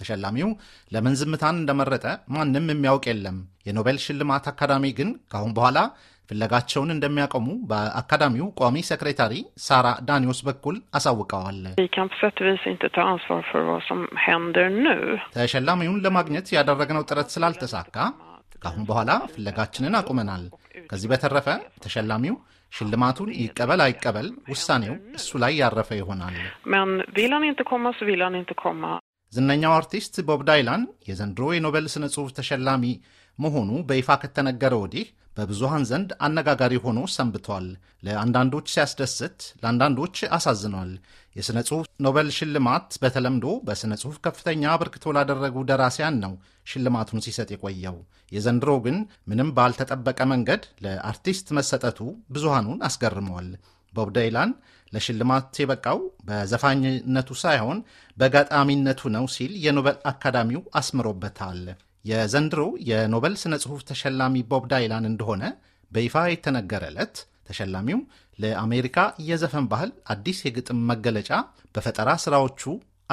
ተሸላሚው ለምን ዝምታን እንደመረጠ ማንም የሚያውቅ የለም። የኖቤል ሽልማት አካዳሚ ግን ከአሁን በኋላ ፍለጋቸውን እንደሚያቆሙ በአካዳሚው ቋሚ ሴክሬታሪ ሳራ ዳኒዮስ በኩል አሳውቀዋል። ተሸላሚውን ለማግኘት ያደረግነው ጥረት ስላልተሳካ ከአሁን በኋላ ፍለጋችንን አቁመናል። ከዚህ በተረፈ ተሸላሚው ሽልማቱን ይቀበል አይቀበል ውሳኔው እሱ ላይ ያረፈ ይሆናል። ዝነኛው አርቲስት ቦብ ዳይላን የዘንድሮ የኖቤል ስነ ጽሑፍ ተሸላሚ መሆኑ በይፋ ከተነገረ ወዲህ በብዙሃን ዘንድ አነጋጋሪ ሆኖ ሰንብቷል። ለአንዳንዶች ሲያስደስት፣ ለአንዳንዶች አሳዝኗል። የሥነ ጽሑፍ ኖቤል ሽልማት በተለምዶ በሥነ ጽሑፍ ከፍተኛ አበርክቶ ላደረጉ ደራሲያን ነው ሽልማቱን ሲሰጥ የቆየው። የዘንድሮ ግን ምንም ባልተጠበቀ መንገድ ለአርቲስት መሰጠቱ ብዙሃኑን አስገርመዋል። ቦብ ዳይላን ለሽልማት የበቃው በዘፋኝነቱ ሳይሆን በጋጣሚነቱ ነው ሲል የኖበል አካዳሚው አስምሮበታል። የዘንድሮ የኖበል ስነ ጽሑፍ ተሸላሚ ቦብ ዳይላን እንደሆነ በይፋ የተነገረ ተሸላሚው ለአሜሪካ የዘፈን ባህል አዲስ የግጥም መገለጫ በፈጠራ ስራዎቹ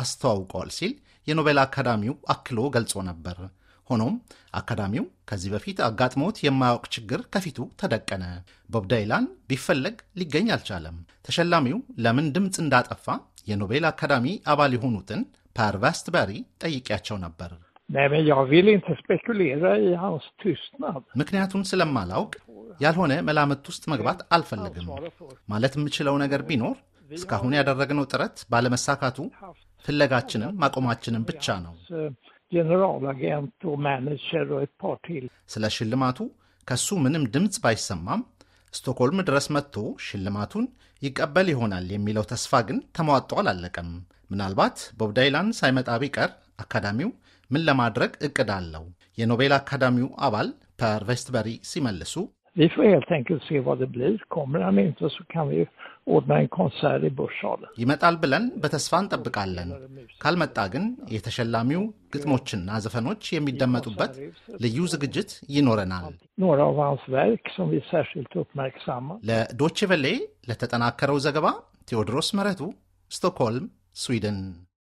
አስተዋውቀዋል ሲል የኖቤል አካዳሚው አክሎ ገልጾ ነበር። ሆኖም አካዳሚው ከዚህ በፊት አጋጥሞት የማያውቅ ችግር ከፊቱ ተደቀነ። ቦብ ዳይላን ቢፈለግ ሊገኝ አልቻለም። ተሸላሚው ለምን ድምፅ እንዳጠፋ የኖቤል አካዳሚ አባል የሆኑትን ፐር ቫስትበሪ ጠይቂያቸው ነበር። ምክንያቱን ስለማላውቅ ያልሆነ መላምት ውስጥ መግባት አልፈልግም። ማለት የምችለው ነገር ቢኖር እስካሁን ያደረግነው ጥረት ባለመሳካቱ ፍለጋችንን ማቆማችንን ብቻ ነው። ጄኔራልagent och manager ወይ ett ስለ ሽልማቱ ከሱ ምንም ድምፅ ባይሰማም ስቶክሆልም ድረስ መጥቶ ሽልማቱን ይቀበል ይሆናል የሚለው ተስፋ ግን ተሟጦ አላለቀም። ምናልባት ቦብ ዳይላን ሳይመጣ ቢቀር አካዳሚው ምን ለማድረግ እቅድ አለው? የኖቤል አካዳሚው አባል ፐር ቬስትበሪ ሲመልሱ Vi får helt enkelt se vad det blir. Kommer han inte så kan vi ordna en konsert i Börssalen. ይመጣል ብለን በተስፋ እንጠብቃለን። ካልመጣ ግን የተሸላሚው ግጥሞችና ዘፈኖች የሚደመጡበት ልዩ ዝግጅት ይኖረናል። Några av hans verk som vi särskilt uppmärksammar. ለዶቼ ቬሌ ለተጠናከረው ዘገባ ቴዎድሮስ መረቱ ስቶክሆልም፣ ስዊድን